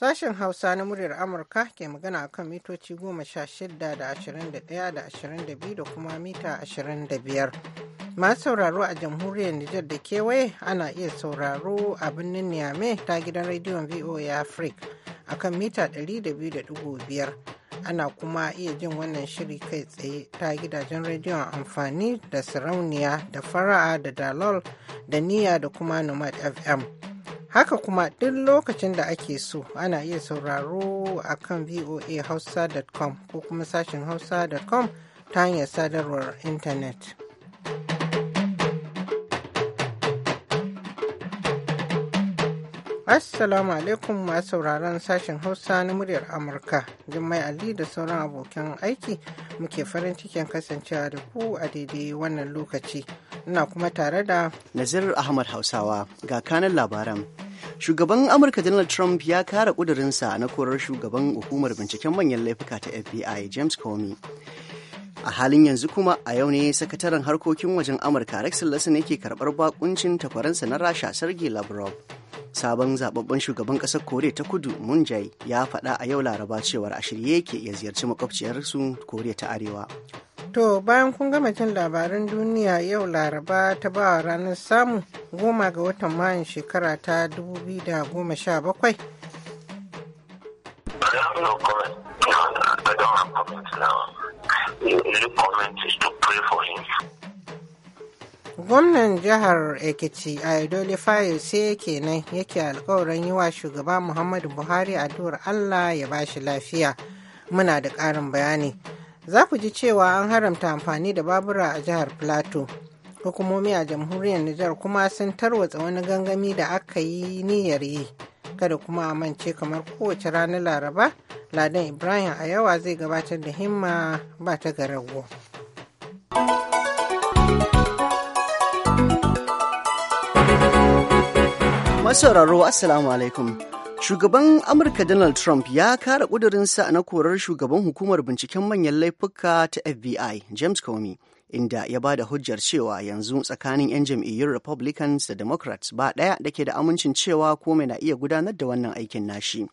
Sashen Hausa na muryar Amurka ke magana akan mitoci goma sha shida da ashirin da ɗaya da ashirin da biyu da kuma mita ashirin da biyar. Masu sauraro a jamhuriyar Nijar da kewaye ana iya sauraro a birnin Niamey ta gidan rediyon VOA Africa akan mita ɗari da biyu da ɗigo biyar. Ana kuma iya jin wannan shiri kai tsaye ta gidajen rediyon amfani da sarauniya da fara'a da dalol da Niya da kuma nomad FM. Haka kuma duk lokacin da ake so ana iya sauraro a kan voahausa.com ko kuma sashen hausa.com ta hanyar sadarwar intanet. Assalamu alaikum masu sauraron sashen Hausa na muryar Amurka. Jummai Ali da sauran abokan aiki muke farin cikin kasancewa da ku a daidai wannan lokaci. Ina kuma tare da Nazir Ahmad Hausawa ga kanan labaran. Shugaban Amurka Donald Trump ya kara kudurinsa na korar shugaban hukumar binciken manyan laifuka ta FBI James Comey. a halin yanzu kuma a yau ne sakataren harkokin wajen amurka rex tillerson yake karbar bakuncin takwaransa na rasha sergei lavrov sabon zababben shugaban ƙasar koriya ta kudu moon jae ya faɗa a yau laraba cewar a shirye yake ya ziyarci makwabciyarsu koriya ta arewa To bayan kun gama jin labaran duniya yau laraba ta ba ranar samu goma ga watan mayun shekara ta 2017. The now. only comment is to pray for him. Gwamnan jihar Ekiti a Idole Fayo sai kenan yake alkawarin yi wa shugaba Muhammadu Buhari addu'ar Allah ya bashi lafiya. Muna da ƙarin bayani. Za ku ji cewa an haramta amfani da babura a jihar Plateau. Hukumomi a jamhuriyar Nijar kuma sun tarwatsa wani gangami da aka yi niyyar yi. Kada kuma a mance kamar kowace ranar Laraba, Ladan Ibrahim a yawa zai gabatar da himma ba ta garago. Masauraro Assalamu alaikum. Shugaban Amurka Donald Trump ya kara ƙudurinsa na korar shugaban hukumar binciken manyan laifuka ta FBI, James Comey, inda ya ba da hujjar cewa yanzu tsakanin 'yan jam'iyyun Republicans da Democrats ba ɗaya da ke da amincin cewa Comey na iya gudanar da wannan aikin nashi.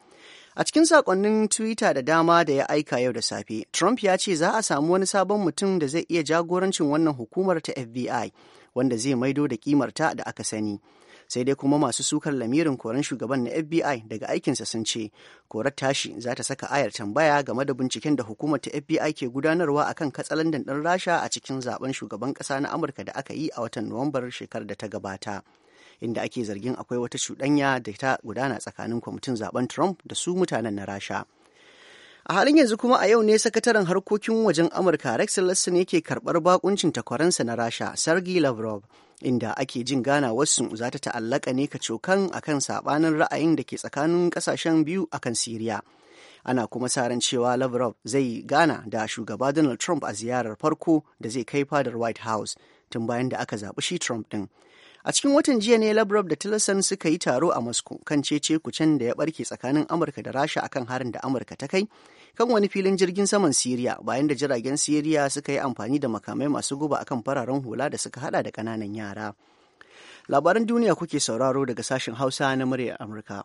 A cikin saƙonnin Twitter da dama da ya aika yau da safe, Trump ya ce za a samu wani sabon mutum da zai iya jagorancin wannan hukumar ta FBI, wanda zai maido da kimarta da aka sani. sai dai kuma masu sukar lamirin koren shugaban na fbi daga aikinsa sun ce korar tashi za ta saka ayar tambaya game da binciken da hukumar ta fbi ke gudanarwa a akan katsalandan ɗan rasha a cikin zaben shugaban ƙasa na amurka da aka yi a watan nuwambar shekarar da ta gabata inda ake zargin akwai wata cuɗanya da ta gudana tsakanin kwamitin zaben trump da su mutanen na rasha a halin yanzu kuma a yau ne sakataren harkokin wajen amurka rex tillerson yake karbar bakuncin takwaransa na rasha sergey lavrov inda ake jin ganawarsu za ta ta'allaka ne kacokan kan saɓanin ra'ayin da ke tsakanin ƙasashen biyu a kan siriya ana kuma sa ran cewa lavrov zai gana da shugaba donald trump a ziyarar farko da zai kai fadar white house tun bayan da aka zaɓi shi trump ɗin a cikin watan jiya ne lavrov da tillerson suka yi taro a moscow kan cece kucen da ya barke tsakanin amurka da rasha akan harin da amurka ta kai kan wani filin jirgin saman Siriya bayan da jiragen Siriya suka yi amfani da makamai masu guba akan fararen hula da suka hada da ƙananan yara. Labaran duniya kuke sauraro daga sashen Hausa na muryar Amurka.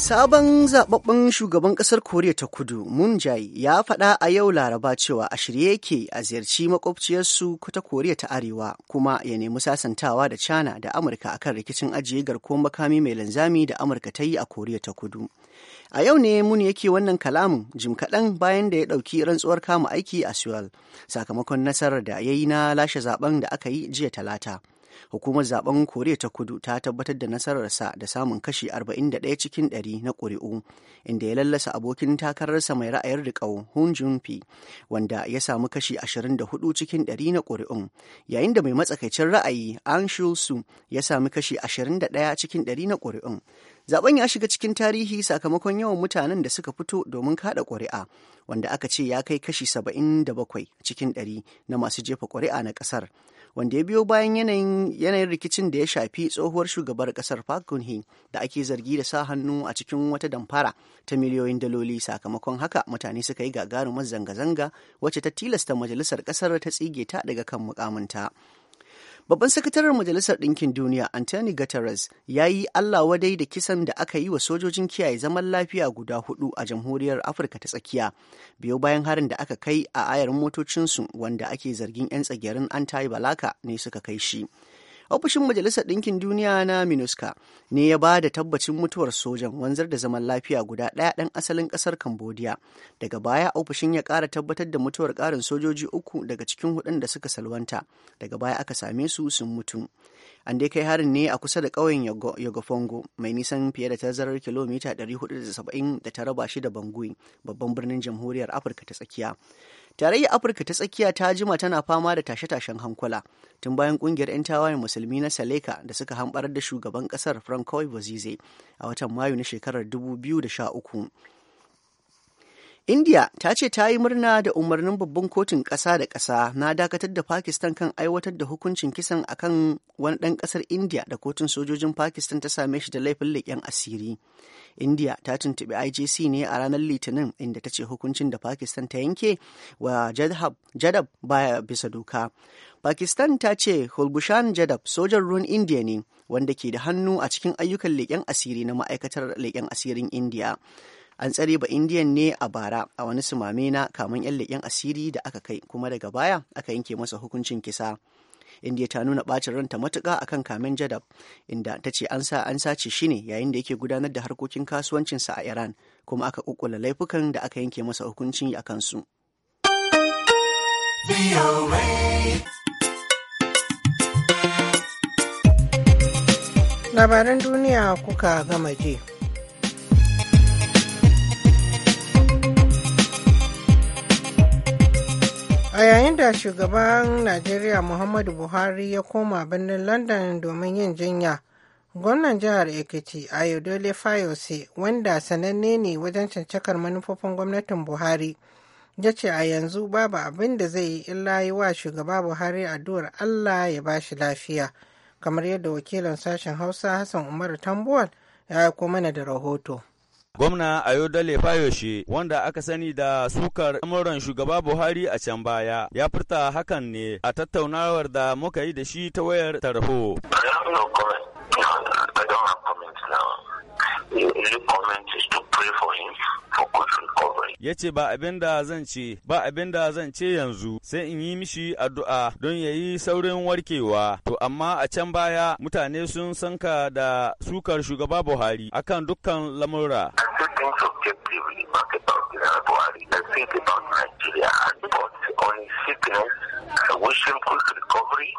Sabon zaɓaɓɓen shugaban ƙasar Koriya ta Kudu, Moon Jae, ya faɗa a yau Laraba cewa a shirye yake a ziyarci makwabciyarsu ta Koriya ta Arewa kuma ya nemi sasantawa da China da Amurka akan rikicin ajiye garkuwar makami mai linzami da Amurka ta yi a Koriya ta Kudu. A yau ne Moon yake wannan kalamin jim kaɗan bayan da ya ɗauki rantsuwar kama aiki a Seoul sakamakon nasarar da ya yi na lashe zaben da aka yi jiya Talata. hukumar zaben koriya ta kudu ta tabbatar da nasararsa da samun kashi 41 cikin 100 na ƙuri'u inda ya lallasa abokin takararsa mai ra'ayin riƙau hun junfi wanda ya samu kashi 24 cikin 100 na ƙuri'un yayin da mai matsakaicin ra'ayi an su ya sami kashi 21 cikin 100 na ƙuri'un zaben ya shiga cikin tarihi sakamakon yawan mutanen da suka fito domin kada ƙuri'a wanda aka ce ya kai kashi 77 cikin 100 na masu jefa ƙuri'a na ƙasar wanda ya biyo bayan yanayin rikicin da ya shafi tsohuwar shugabar kasar Park geun da ake zargi da sa hannu a cikin wata damfara ta miliyoyin daloli sakamakon haka mutane suka yi gagarumar zanga-zanga wacce ta tilasta majalisar kasar ta tsige ta daga kan mukaminta. Babban sakataren Majalisar Ɗinkin Duniya Anthony Guterres ya yi Allah wadai da kisan da aka yi wa sojojin kiyaye zaman lafiya guda hudu a Jamhuriyar Afirka ta Tsakiya, biyo bayan harin da aka kai a ayar motocinsu wanda ake zargin 'yan tsagerin Antai Balaka ne suka kai shi. ofishin majalisar ɗinkin duniya na minuska ne ya ba da tabbacin mutuwar sojan wanzar da zaman lafiya guda ɗaya ɗan asalin ƙasar cambodia daga baya ofishin ya ƙara tabbatar da mutuwar ƙarin sojoji uku daga cikin hudun da suka salwanta daga baya aka same su sun mutu an dai kai harin ne a kusa da ƙauyen yagofongo mai nisan fiye da tazarar kilomita 470 da ta raba shi da bangui babban birnin jamhuriyar afirka ta tsakiya Tarayyar Afirka ta tsakiya ta jima tana fama da tashe-tashen hankula tun bayan kungiyar 'yan tawayen musulmi na Saleka da suka hambar da shugaban kasar Francois Bozize a watan Mayu na shekarar 2013. India ta ce ta yi murna da umarnin babban kotun ƙasa da ƙasa na dakatar da Pakistan kan aiwatar da hukuncin kisan akan wani ɗan ƙasar India da kotun sojojin Pakistan ta same shi da laifin leƙen asiri. India ta tuntuɓi IJC ne a ranar Litinin inda ta ce hukuncin da Pakistan ta yanke wa Jadab baya bisa doka. Pakistan ta ce Hulbushan Jadab sojan ruwan India ne wanda ke da hannu a cikin ayyukan leƙen asiri na ma'aikatar leƙen asirin India. an tsare ba indiyan ne a bara a wani sumame na kamun yan leƙen asiri da aka kai kuma daga baya aka yanke masa hukuncin kisa indiya ta nuna bacin ranta matuka akan kamen jadab inda ta ce an sa an sace shi ne yayin da yake gudanar da harkokin kasuwancinsa a iran kuma aka kukkula laifukan da aka yanke masa hukuncin a kansu labaran duniya kuka gama je. a yayin da shugaban najeriya muhammadu buhari ya koma birnin london domin yin jinya gwamnan jihar ekiti ayodele fayose wanda sananne ne wajen cancakar manufofin gwamnatin buhari ya ce a yanzu babu abin da zai yi illa yi wa shugaba buhari addu'ar allah ya ba shi lafiya kamar yadda wakilin sashen hausa hassan umaru tambuwal ya aiko mana da rahoto Gwamna Ayodele Fayoshe wanda aka sani da sukar amuran shugaba Buhari a can baya ya furta hakan ne a tattaunawar da muka yi da shi ta wayar tarho. ya ce ba abin da zan ce ba abin da zan ce yanzu sai in yi mishi addu'a don ya yi saurin warkewa to amma a can baya mutane sun sanka da sukar shugaba buhari akan dukkan lamura Nigeria and on sickness, recovery,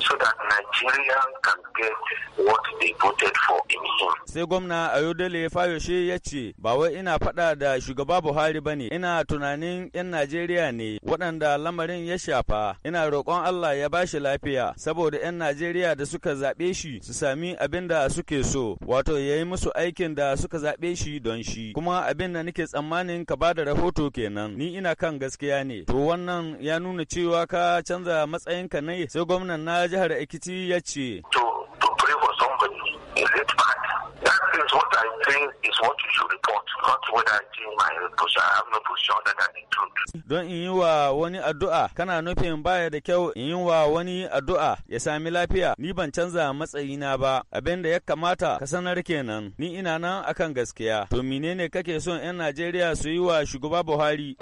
so that Nigeria can get what they voted for in him. Sai gwamna Ayodele Fayoshe ya ce, ba wai ina faɗa da shugaba Buhari ba ne, ina tunanin 'yan Najeriya ne waɗanda lamarin ya shafa. Ina roƙon Allah ya ba shi lafiya, saboda 'yan Najeriya da suka zaɓe shi su sami abin da suke so, wato ya yi musu aikin da suka zaɓe shi don shi. Kuma abin da nake tsammanin ka ba da rahoto kenan, ni ina kan gaskiya ne. To wannan ya nuna cewa ka canza matsayinka ne, sai gwamna gwamnan na jihar Ekiti ya ce. To, to pray for somebody in bad? That is what I think is what you should report, not what I think my position, I have no position Don in yi wa wani addu'a, kana nufin baya da kyau in yi wa wani addu'a ya sami lafiya, ni ban canza matsayi na ba, abin da ya kamata ka sanar kenan, ni ina nan akan gaskiya. To menene kake son 'yan Najeriya su yi wa shugaba Buhari?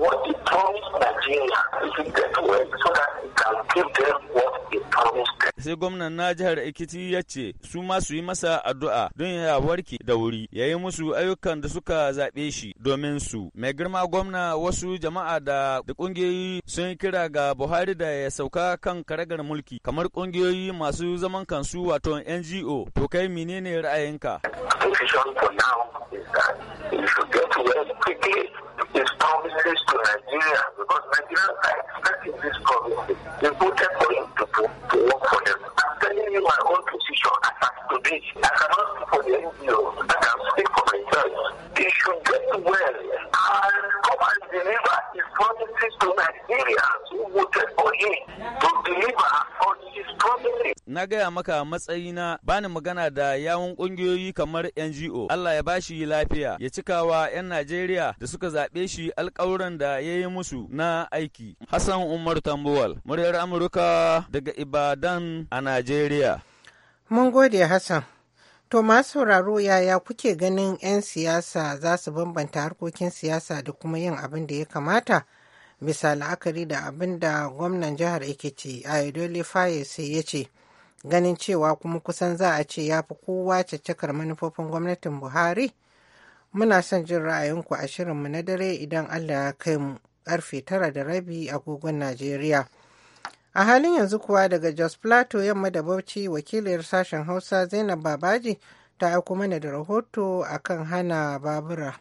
what they promised Nigeria if he get well so that he can give them what promised them. Sai gwamnan na jihar Ekiti ya ce su ma su yi masa addu'a don ya warke da wuri ya yi musu ayyukan da suka zaɓe shi domin su. Mai girma gwamna wasu jama'a da da ƙungiyoyi sun kira ga Buhari da ya sauka kan karagar mulki kamar ƙungiyoyi masu zaman kansu wato NGO to kai menene ra'ayinka? position for now is that you should get well quickly It's promises to Nigeria because Nigeria are expecting this promises. They voted for him to, to, to work for them. I'm telling you my own position as of today. I cannot speak for the NGO. I can speak for myself. It should get well and come and deliver his promises to Nigerians who voted for him to deliver on his promises. Na gaya maka matsayi na bani magana da yawun ƙungiyoyi kamar NGO. Allah ya bashi lafiya ya cikawa 'yan Najeriya da suka zaɓe shi alƙawuran da ya yi musu na aiki. Hassan Umar Tambuwal, muryar Amurka daga Ibadan a Najeriya. Mun gode Hassan. To masu sauraro yaya kuke ganin 'yan siyasa za su bambanta harkokin siyasa da kuma yin abin da ya kamata? Bisa la'akari da abin da gwamnan jihar Ekiti Ayodele sai ya ce, ganin cewa kuma kusan za a ce ya fi kowa caccakar manufofin gwamnatin Buhari? Muna son jin ra'ayinku a shirinmu na dare idan Allah ya kai mu, karfe tara da rabi a agogon Najeriya. A halin yanzu kuwa daga Jos plato yamma da Bauchi wakiliyar sashen Hausa Zainab Babaji ta aiko mana da rahoto akan hana babura.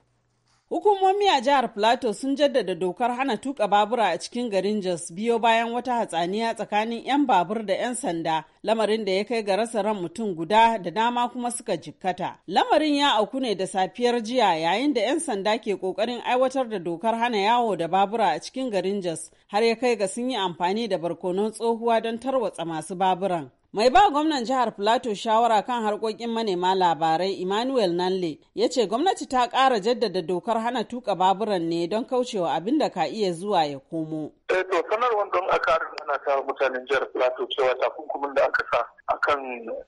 Hukumomi a jihar Plateau sun jaddada dokar hana tuka babura a cikin garin Jos biyo bayan wata hatsaniya tsakanin 'yan babur da 'yan sanda, lamarin da ya kai ga rasa ran mutum guda da dama kuma suka jikkata. Lamarin ya auku ne da safiyar jiya yayin da 'yan sanda ke kokarin aiwatar da dokar hana yawo da babura a cikin garin Jos har ya kai ga sun yi amfani da barkonon tsohuwa don tarwatsa masu baburan. Mai ba gwamnan jihar Plateau shawara kan harkokin manema labarai Emmanuel Nanle ya ce gwamnati ta ƙara jaddada dokar hana tuka baburan ne don kaucewa abin da ka iya zuwa ya komo. Eh sanarwar don a ƙarin ana ta mutanen jihar Plateau cewa takunkumin da aka sa akan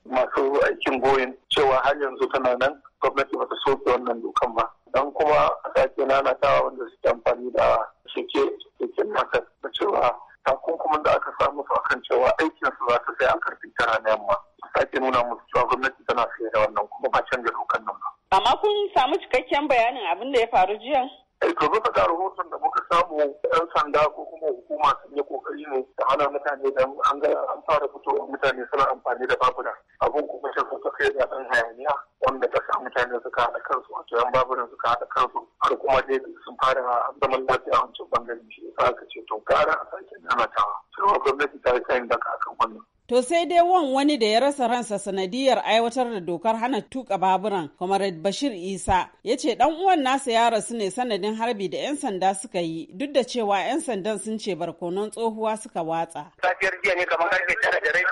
masu aikin goyin cewa har yanzu tana nan gwamnati ba ta soke wannan dokan ba. Dan kuma a sake nanatawa wanda suke amfani da suke keken masar cewa takunkumin da aka samu su akan cewa aikin su za su sai an karfi tara na yamma sake nuna musu cewa gwamnati tana sayar da wannan kuma ba canza dokan nan ba. Amma kun samu cikakken bayanin abin da ya faru jiya? Eh, to bisa ga rahoton da muka samu yan sanda ko kuma hukuma sun yi kokari ne da hana mutane da an ga an fara fitowa mutane suna amfani da babura abun kuma shi suka kai da dan hayaniya wanda ta sa mutane suka haɗa kansu wato yan baburan suka haɗa kansu har kuma dai sun fara zaman lafiya a wancan bangaren shi ya sa aka ce to gara a sake nanatawa cewa gwamnati ta yi sayin daga akan wannan To sai dai wan wani da ya rasa ransa sanadiyar aiwatar da dokar hana tuka baburan, kamar Bashir Isa, ya ce dan uwan nasa ya rasu ne sanadin harbi da 'yan sanda suka yi, duk da cewa 'yan sandan sun ce barkonon tsohuwa suka watsa. Safiyar jiya ne kamar karfe tara da rai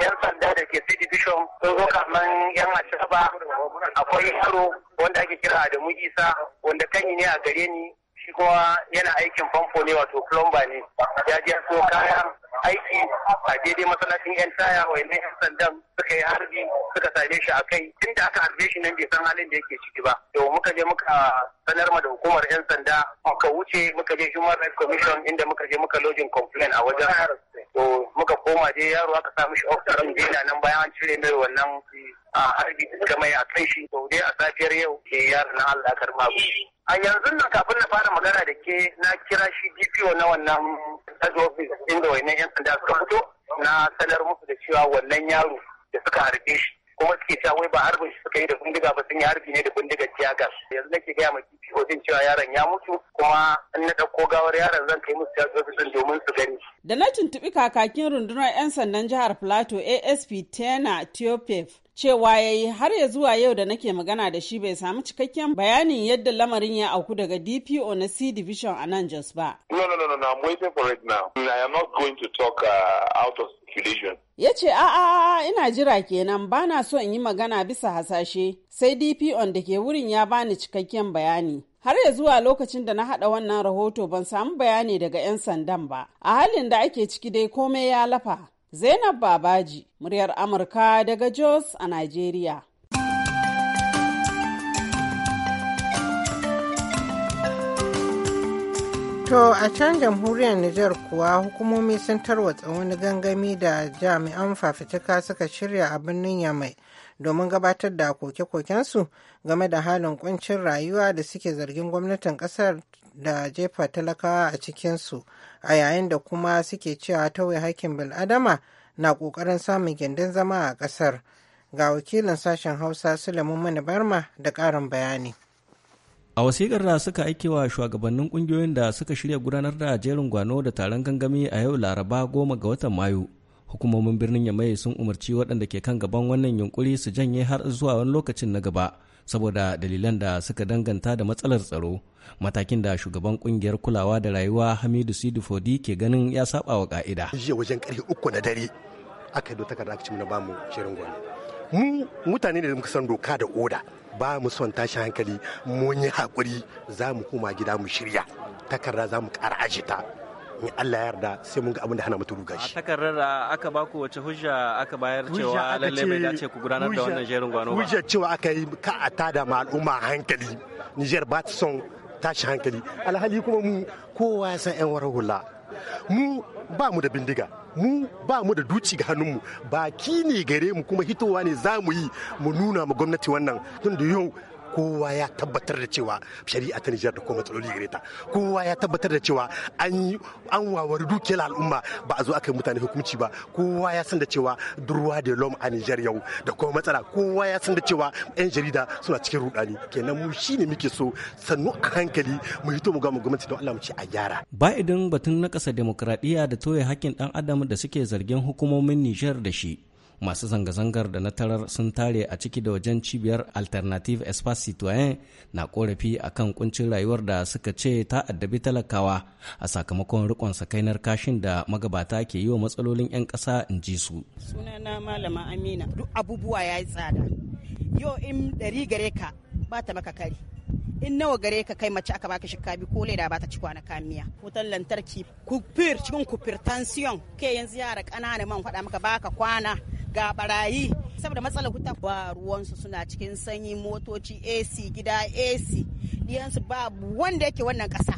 'yan sanda da ke City sun zo kamar 'yan ashaba akwai yaro wanda ake kira Adamu Isa wanda kan ne a gare ni shi kuma yana aikin famfo ne wato plumber ne ya je so kayan aiki a daidai masana'in yan taya wa yan sandan suka yi harbi suka same shi a kai tun da aka harbe shi nan bai san halin da yake ciki ba to muka je muka sanar ma da hukumar yan sanda muka wuce muka je human rights commission inda muka je muka lojin complaint a wajen to muka koma je yaro aka sa mishi oxygen yana nan bayan an cire mai wannan a harbi suka mai a kai shi sau dai a safiyar yau ke yara na Allah karma a yanzu nan kafin na fara magana da ke na kira shi DPO na wannan head office inda wannan yan sanda suka fito na sanar musu da cewa wannan yaro da suka harbe shi kuma suke cewa wai ba harbin shi suka yi da bindiga ba sun yi harbi ne da bindigar gas yanzu nake gaya ma DPO din cewa yaron ya mutu kuma in na ɗauko gawar yaron zan kai musu tiyagas office domin su gani. Da na tuntuɓi kakakin rundunar 'yan sandan jihar Plateau ASP Tena tiofef cewa ya yi har ya zuwa yau da nake magana da shi bai samu cikakken bayanin yadda lamarin ya auku daga DPO na C division a nan Jos ba. No, no, no, no, I'm waiting for Ya ce, a'a, ina jira kenan ba na so in yi magana bisa hasashe, sai DPO da ke wurin ya bani cikakken bayani. har ya zuwa lokacin da na haɗa wannan rahoto ban samu bayani daga 'yan sandan ba a halin da ake ciki dai komai ya lafa Zainab Babaji, muryar Amurka daga Jos a Najeriya. To a can jamhuriyar Nijar kuwa hukumomi sun tarwatsa wani gangami da jami'an fafutuka suka shirya a birnin Yamai domin gabatar da koke-kokensu game da halin kuncin rayuwa da suke zargin gwamnatin kasar da jefa talakawa a cikinsu a yayin da kuma suke cewa tauye hakkin bil'adama na ƙoƙarin samun gindin zama a ƙasar ga wakilin sashen hausa sulaiman mani barma da ƙarin bayani a wasikar da suka aike wa shugabannin ƙungiyoyin da suka shirya gudanar da jerin gwano da taron gangami a yau laraba goma ga watan mayu hukumomin birnin yamai sun umarci waɗanda ke kan gaban wannan yunkuri su janye har zuwa wani lokacin na gaba saboda dalilan da suka danganta da matsalar tsaro matakin da shugaban kungiyar kulawa da rayuwa hamidu sidi fodi ke ganin ya saba wa ka'ida jiya wajen karfe uku na dare aka yi takarda aka ci na bamu shirin gwani mu mutane da muka san doka da oda ba mu son tashi hankali mun yi hakuri za mu koma gida mu shirya takarda za mu ajiye ta. in Allah ya yarda sai mun ga abin da hana mutu ruga A takarar aka ba ku wace hujja aka bayar cewa lalle bai dace ku gudanar da wannan jerin gwano ba. Hujja cewa aka yi ka a tada ma al'umma hankali. Niger ba ta son tashi hankali. Alhali kuma mu kowa ya san 'yan warar hula. Mu ba mu da bindiga. mu ba mu da duci ga hannunmu baki ne gare mu kuma hitowa ne za mu yi mu nuna ma gwamnati wannan tun da yau kowa ya tabbatar da cewa shari'a ta Nijar da kuma tsaloli gare ta kowa ya tabbatar da cewa an an wawar dukiyar al'umma ba a zo aka yi mutane hukunci ba kowa ya san da cewa durwa da lom a Nijar yau da kuma matsala kowa ya san da cewa yan jarida suna cikin rudani kenan mu shine muke so sannu a hankali mu hito mu ga gwamnati don Allah mu ce a gyara ba idan batun na kasa demokradiya da toye hakkin dan adam da suke zargin hukumomin Nijar da shi masu zanga-zangar da na tarar sun tare a ciki da wajen cibiyar alternative espace citoyen na korafi a kan kuncin rayuwar da suka ce ta addabi talakawa a sakamakon rikon sakainar kashin da magabata ke yi wa matsalolin 'yan ƙasa in ji su sunana malama amina duk abubuwa ya yi tsada yau in ɗari gare ka ba ta maka kari in nawa gare ka kai mace aka baka shikka bi ko leda ba ta ci kwana kamiya wutar lantarki kufir cikin kufir tansiyon ke yanzu yara ƙanana man faɗa maka baka kwana ga barayi saboda matsalar huta ba ruwansu suna cikin sanyi motoci ac gida ac diyansu babu wanda yake wannan kasa.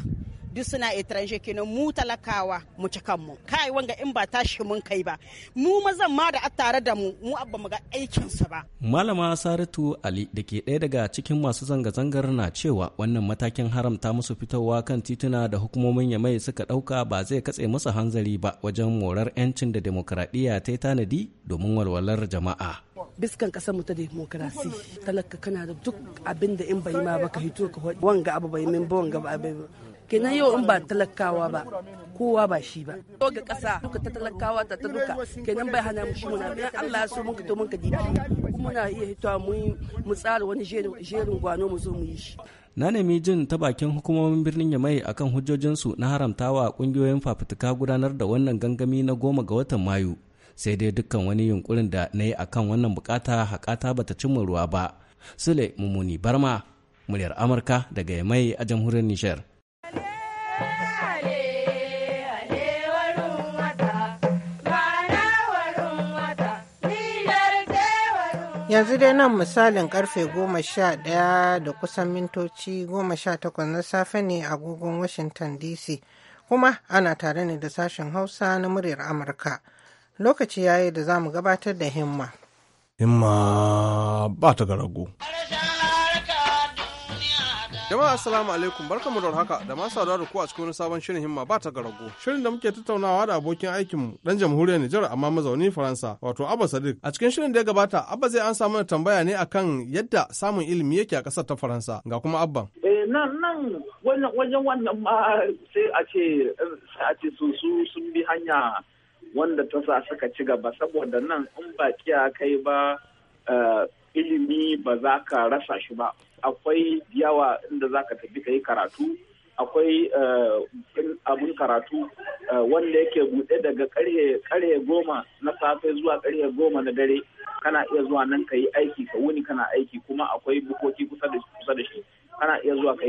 duk suna etranje kenan mu talakawa mu ci kanmu kai wanga in ba tashi mun kai ba mu mazan ma da tare da mu mu abba mu ga aikin sa ba malama saratu ali da ke ɗaya daga cikin masu zanga-zangar na cewa wannan matakin haramta musu fitowa kan tituna da hukumomin yamai suka ɗauka ba zai katse musu hanzari ba wajen morar 'yancin da demokradiyya ta tanadi domin walwalar jama'a biskan kasar mu ta demokrasi talaka kana da duk abin in bai ma baka hito ka wanga abu bai min ba wanga ba kenan yau in ba talakawa ba kowa ba shi ba to ga kasa duka ta talakawa ta ta duka kenan bai hana mu shi muna dan Allah ya so mun ka to mun ka dibi muna iya hitowa mu mu tsara wani jerin gwano mu zo mu yi shi na nemi jin ta bakin hukumomin birnin yamai akan hujjojinsu na haramtawa kungiyoyin fafutuka gudanar da wannan gangami na goma ga watan mayu sai dai dukkan wani yunkurin da na yi akan wannan bukata hakata bata cimma ruwa ba sule mummuni barma muryar amurka daga yamai a jamhuriyar nijar yanzu dai nan misalin karfe goma sha ɗaya da kusan mintoci goma sha takwas na safe ne a agogon washington dc kuma ana tare ne da sashen hausa na muryar amurka lokaci yayi da zamu gabatar da himma himma ba ta ga rago Jama'a assalamu alaikum barkamu da haka da masu saduwa da ku a cikin wani sabon shirin himma ba ta garago. Shirin da muke tattaunawa da abokin aikin mu dan jamhuriyar Nijar amma mazauni Faransa wato Abba Sadiq. A cikin shirin da ya gabata Abba zai an samu tambaya ne akan yadda samun ilimi yake a kasar ta Faransa ga kuma abba Eh nan nan wannan wajen wannan ma sai a ce a ce su sun bi hanya wanda ta sa suka ci gaba saboda nan in ba kiya kai ba eh, ilimi ba za ka rasa shi ba akwai yawa inda za ka tafi ka yi karatu akwai eh, abun karatu eh, wanda yake buɗe daga karhe goma na safe zuwa karhe goma na dare kana iya zuwa nan ka yi aiki ka wuni kana aiki kuma akwai bukoki kusa da shi kana iya zuwa ka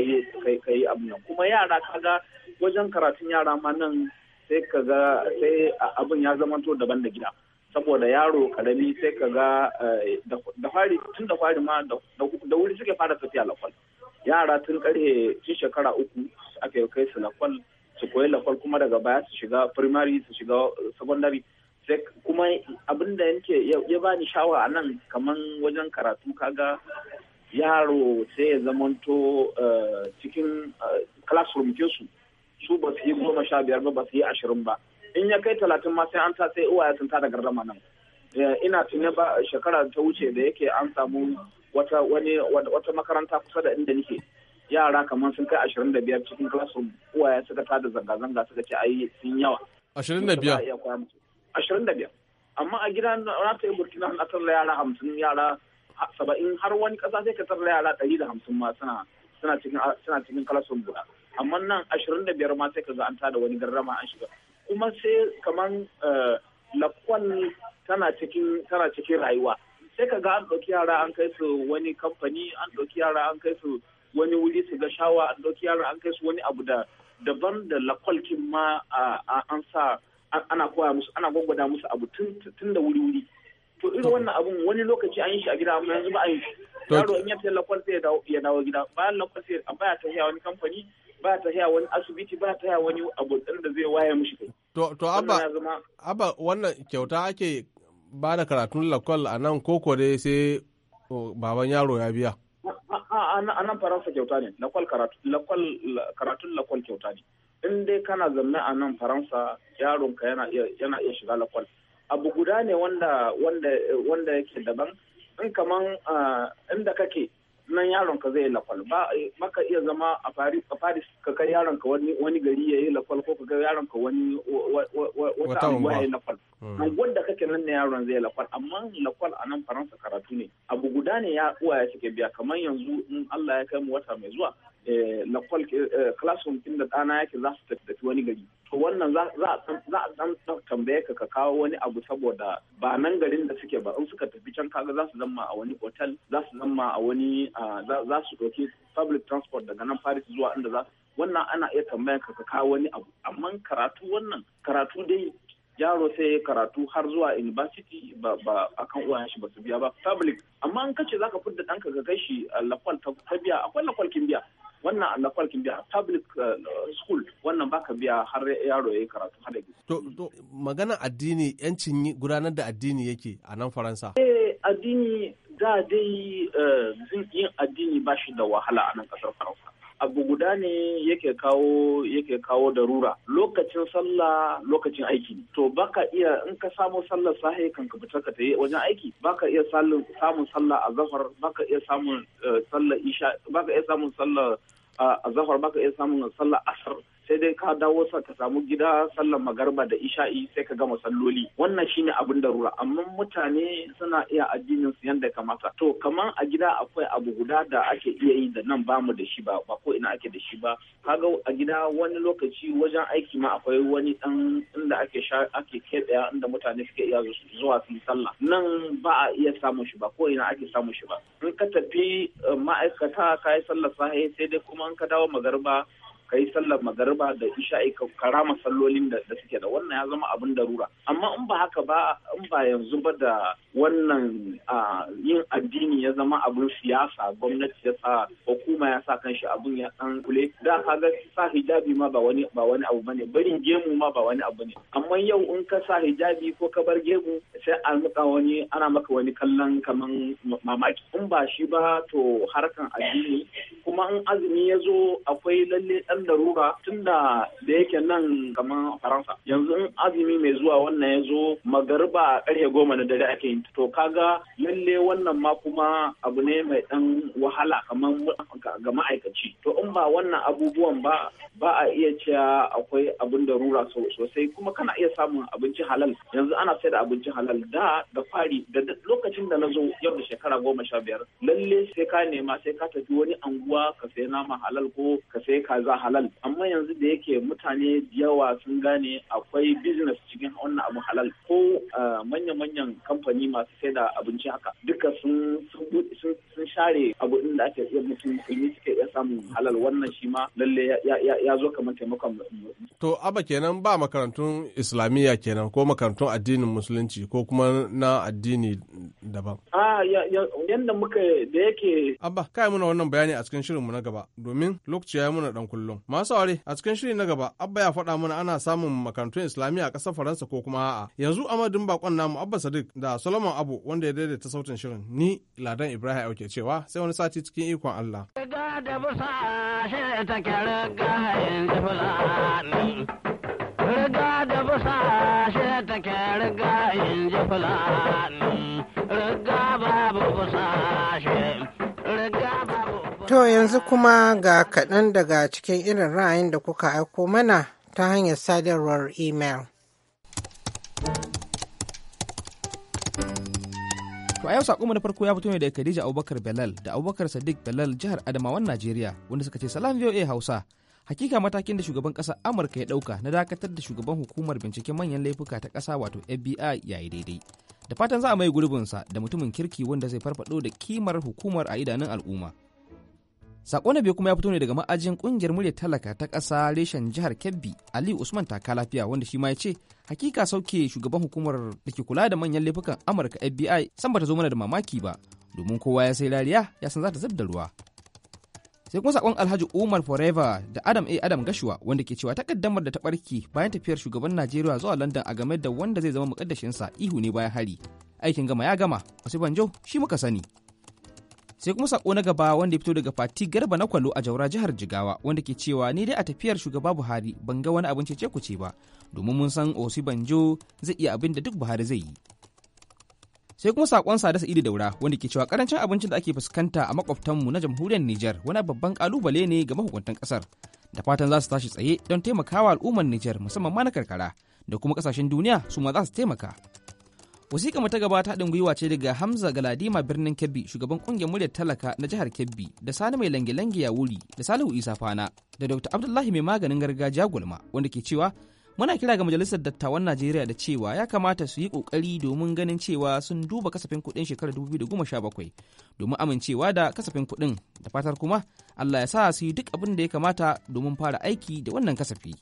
yi abu nan kuma yara kaga wajen karatun yara ma nan sai ka ga sai abin ya zamanto daban da gida saboda yaro karami sai ka ga eh, da fari tun da fari ma da wuri suke fara tafiya lakwal yara tun karhe tun shekara uku ake kai su lakwal su koyi lakwal kuma daga baya su shiga primary su shiga secondary sai kuma abin da yake ya bani shawa a nan kaman wajen karatu kaga yaro sai ya zamanto eh, cikin eh, classroom su su ba su yi goma sha biyar ba ba su yi ashirin ba in ya kai talatin ma sai an ta sai uwaye sun tada gardama nan eh, ina tuni ba shekara ta wuce da yake an samu wata wani wata makaranta kusa da inda nake yara kamar sun kai ashirin da biyar cikin classroom uwaye suka tada zanga-zanga suka ce ai sun yawa ashirin da biyar ashirin da biyar amma a gidan na ta yi burkina na tarla yara hamsin yara saba'in har wani ƙasa sai ka tarla yara ɗari da hamsin ma suna suna cikin suna cikin guda amma nan ashirin da biyar ma sai ka ga an tada wani garrama an shiga kuma sai kamar eh, lakwal tana cikin tana cikin rayuwa sai ka ga an ɗauki yara an kai su wani kamfani an ɗauki yara an kai su wani wuri su ga shawa an ɗauki yara an kai su wani abu da daban da lakwalkin ma an sa ana koya musu ana gwagwada musu abu tun da wuri wuri to irin wannan abun wani lokaci an yi shi a gida amma yanzu ba a yi yaro in ya tafi lakwal sai ya dawo gida bayan lakwal sai a baya tafiya wani kamfani ba ta haya wani asibiti ba ta haya wani abu da zai waye mishi kai to to abba abba wannan kyauta ake ba da karatun lakwal a nan koko dai sai baban yaro ya biya a nan faransa kyauta ne lakwal karatun lakwal kyauta ne in dai kana zanne a nan faransa yaronka yana iya shiga lakwal abu guda ne wanda wanda wanda yake daban in kaman inda kake nan yaron ka zai lakwal ba maka iya zama a Paris ka kai yaron ka wani wani gari yayi lakwal ko ka ga yaron ka wani wata unguwa yayi lakwal nan hmm. wanda kake nan ne yaron zai lakwal amma lakwal a nan Faransa karatu ne abu guda ne ya uwa ya suke biya kamar yanzu in Allah ya kai mu wata mai zuwa Eh, lakwal eh, classroom din da ɗana yake za su tafi wani gari to wannan za a dan tambaye ka ka kawo wani abu saboda ba nan garin da suke ba in suka tafi can kaga za su zama a wani hotel za su zama a wani za su ɗauki public transport daga nan Paris zuwa inda za wannan ana iya tambaya ka ka kawo wani abu amma karatu wannan karatu dai yaro sai ya karatu har zuwa university ba ba akan uwayen shi ba su biya ba public amma an kace zaka fidda danka ka kai shi eh, lakwal ta biya akwai lakwal kin biya wannan a lakwal kin biya public eh, school wannan baka biya har yaro ya karatu har to to magana addini yancin gudanar da addini yake a nan faransa eh addini da dai eh, yin addini ba shi da wahala a nan kasar faransa abu guda ne yake kawo yake kawo darura lokacin sallah lokacin aiki to baka iya in ka samu sallar sahi kan ka fita ka tayi wajen aiki baka iya samun sallah a baka iya samun eh, sallar isha baka iya samun sallar a zafar baka iya samun sallar asar sai dai ka dawo sa ka samu gida sallar magarba da isha'i sai ka gama salloli wannan shine abin da rura amma mutane suna iya addinin su yanda kamata to kaman a gida akwai abu guda da ake iya yi da nan bamu da shi ba ba ko ina ake da shi ba kaga a gida wani lokaci wajen aiki ma akwai wani dan inda ake sha ake inda mutane suke iya zuwa su sallah nan ba a iya samun shi ba ko ina ake samun shi ba in ka tafi eh, ma'aikata ka yi sallar sahi sai dai kuma an ka dawo magarba kai sallar magariba da isha'i ka karama masallolin da suke da wannan ya zama abin darura amma in ba haka ba in ba yanzu ba da wannan yin addini ya zama abin siyasa gwamnati ya sa hukuma ya sa kanshi abin ya dan kule da kaga sa hijabi ma ba wani ba wani abu bane barin gemu ma ba wani abu ne amma yau in ka sa hijabi ko ka bar gemu sai a maka wani ana maka wani kallon kaman mamaki in ba shi ba to harkan addini kuma in azumi ya zo akwai lalle ɗan larura tunda da yake nan kamar faransa yanzu in azumi mai zuwa wannan ya zo magariba a goma na dare ake yin to kaga lalle wannan ma kuma abu ne mai ɗan wahala kamar ga ma'aikaci to in ba wannan abubuwan ba ba a iya cewa akwai abin da rura sosai kuma kana iya samun abinci halal yanzu ana sai da abinci halal da da fari da lokacin da na zo yau da shekara goma sha biyar lalle sai ka nema sai ka tafi wani anguwa ka sai nama halal ko ka sai kaza halal amma yanzu da yake mutane yawa sun gane akwai business cikin wannan abu halal ko ah, manya-manyan kamfani masu sai da abinci haka duka sun sun share abu da ake iya mutum musulmi suke iya samun halal wannan shi ma lalle ya zo kamar taimakon to aba kenan ba makarantun islamiyya kenan ko makarantun addinin musulunci ko kuma na addini daban ah, a yanda muka da yake abba kai muna wannan bayani a cikin shirinmu na gaba domin lokaci ya muna dan kullum Masu aure a cikin shiri na gaba Abba ya faɗa mana ana samun makarantun Islamiyya a ƙasar Faransa ko kuma a'a. Yanzu amadin bakon namu Abba Sadiq da Solomon Abu wanda ya daidaita sautin shirin ni Ladan Ibrahim Auke cewa sai wani sati cikin ikon Allah. Riga da busa shi take riga yanzu fulani. Riga da busa shi take riga fulani. To yanzu kuma ga kaɗan daga cikin irin ra'ayin da kuka aiko mana ta hanyar sadarwar email. To a yau sakonmu na farko ya fito ne daga Khadija Abubakar Belal da Abubakar Sadiq Belal jihar Adamawan Najeriya wanda suka ce salam VOA Hausa. Hakika matakin da shugaban ƙasar Amurka ya ɗauka na dakatar da shugaban hukumar binciken manyan laifuka ta ƙasa wato FBI yayi daidai. Da fatan za a mai gurbinsa da mutumin kirki wanda zai farfaɗo da kimar hukumar a idanun al'umma. Sako na biyu kuma ya fito ne daga ma'ajin kungiyar murya talaka ta ƙasa reshen jihar Kebbi Ali Usman taka lafiya wanda shi ma ya ce hakika sauke shugaban hukumar da ke kula da manyan laifukan Amurka FBI san bata zo mana da mamaki ba domin kowa ya sai lariya ya san zata ta da ruwa. Sai kuma sakon Alhaji Umar Forever da Adam A Adam Gashuwa wanda ke cewa takaddamar da ta barki bayan tafiyar shugaban Najeriya zuwa London a game da wanda zai zama mukaddashinsa ihu ne bayan hari. Aikin gama ya gama, banjo shi muka sani. sai kuma sako na gaba wanda ya fito daga fati garba na kwalo a jaura jihar jigawa wanda ke cewa ni dai a tafiyar shugaba buhari ban ga wani abin cece kuce ba domin mun san osi banjo zai iya abin da duk buhari zai yi sai kuma sakon sada sa'idu daura wanda ke cewa karancin abincin da ake fuskanta a mu na jamhuriyar nijar wani babban kalubale ne ga mahukuntan kasar da fatan za su tashi tsaye don taimakawa al'ummar nijar musamman ma na karkara da kuma kasashen duniya su ma za su taimaka wasiƙa mu ta ta haɗin gwiwa ce daga Hamza Galadima birnin Kebbi shugaban ƙungiyar muryar talaka na jihar Kebbi da Sani mai lange-lange ya wuri da Salihu Isa Fana da Dr. Abdullahi mai maganin gargajiya Gulma wanda ke cewa muna kira ga majalisar dattawan Najeriya da cewa ya kamata su yi ƙoƙari domin ganin cewa sun duba kasafin kuɗin shekarar bakwai domin amincewa da kasafin kuɗin da fatar kuma Allah ya sa su yi duk abin da ya kamata domin fara aiki da wannan kasafi.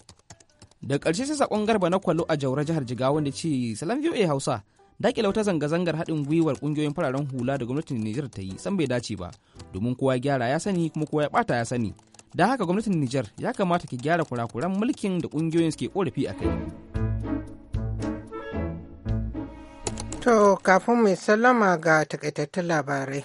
Da ƙarshe sai saƙon garba na kwallo a jaura jihar Jigawa wanda ce salam VOA Hausa daƙile wata zanga-zangar haɗin gwiwar ƙungiyoyin fararen hula da gwamnatin Nijar ta yi san bai dace ba domin kowa gyara ya sani kuma kowa ya ɓata ya sani da haka gwamnatin Nijar ya kamata ki gyara kurakuran mulkin da ƙungiyoyin suke ƙorafi a kai. To kafin mai sallama ga takaitattun labarai.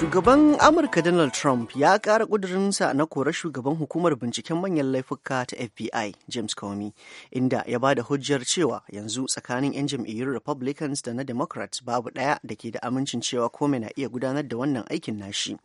Shugaban Amurka Donald Trump ya kara ƙudurinsa na kora shugaban hukumar binciken manyan laifuka ta FBI, James Comey, inda ya ba da hujjar cewa yanzu tsakanin 'yan jam'iyyar Republicans da na Democrats babu ɗaya da ke da amincin cewa Comey na iya gudanar da wannan aikin nashi.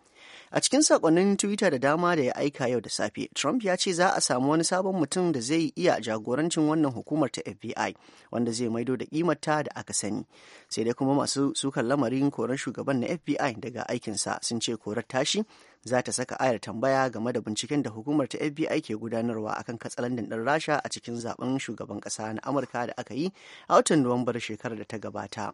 A cikin sakonnin Twitter da dama da ya aika yau da safe, Trump ya ce za a samu wani sabon mutum da zai iya jagorancin wannan hukumar ta FBI wanda zai maido da kimarta da aka sani. Sai dai kuma masu sukan lamarin koran shugaban na FBI daga aikinsa sun ce korar tashi za ta saka ayar tambaya game da binciken da hukumar ta FBI ke gudanarwa akan katsalandan ɗin Rasha a cikin zaben shugaban ƙasa na Amurka da aka yi a watan Nuwambar shekarar da ta gabata.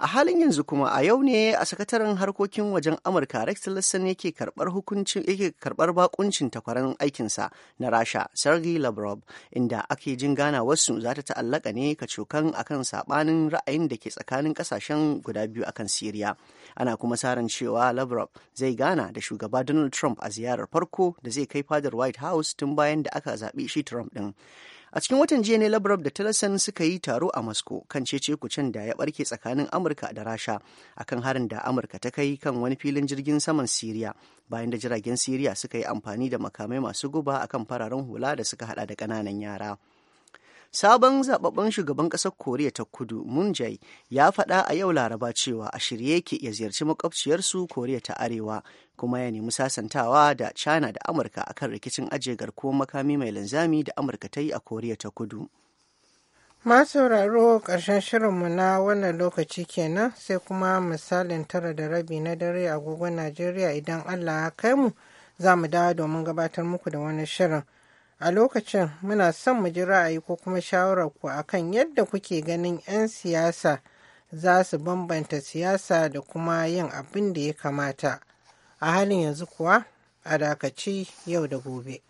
a halin yanzu kuma a yau ne a sakataren harkokin wajen amurka rex tillerson yake karbar hukuncin yake karbar bakuncin takwaran aikinsa na rasha sergey lavrov inda ake jin gana wasu za ta ta'allaka ne ka kacokan akan sabanin ra'ayin da ke tsakanin kasashen guda biyu akan siriya ana kuma saran cewa lavrov zai gana da shugaba donald trump a ziyarar farko da zai kai fadar white house tun bayan da aka zaɓi shi trump din A cikin watan jiya ne Lavrov da Tillerson suka yi taro a Moscow kan cece kucin da ya barke tsakanin Amurka da Rasha a kan harin da Amurka ta kai kan wani filin jirgin saman Siriya bayan da jiragen Siriya suka yi amfani da makamai masu guba a kan fararen hula da suka hada da ƙananan yara. Sabon zababben shugaban ƙasar Koriya ta Kudu Moon Jae ya faɗa a yau Laraba cewa a shirye yake ya ziyarci makwabciyarsu Koriya ta Arewa kuma ya nemi sasantawa da China da Amurka akan rikicin ajiye garkuwar makami mai linzami da Amurka ta yi a Koriya ta Kudu. Ma sauraro ƙarshen shirinmu na wannan lokaci kenan sai kuma misalin tara da rabi na dare agogon Najeriya idan Allah ya kai mu za mu dawo domin gabatar muku da wani shirin. A lokacin muna son mu ji ra'ayi ko kuma shawarar ku akan yadda kuke ganin 'yan siyasa za su bambanta siyasa da kuma yin abin da ya kamata. A halin yanzu kuwa a dakaci yau da gobe.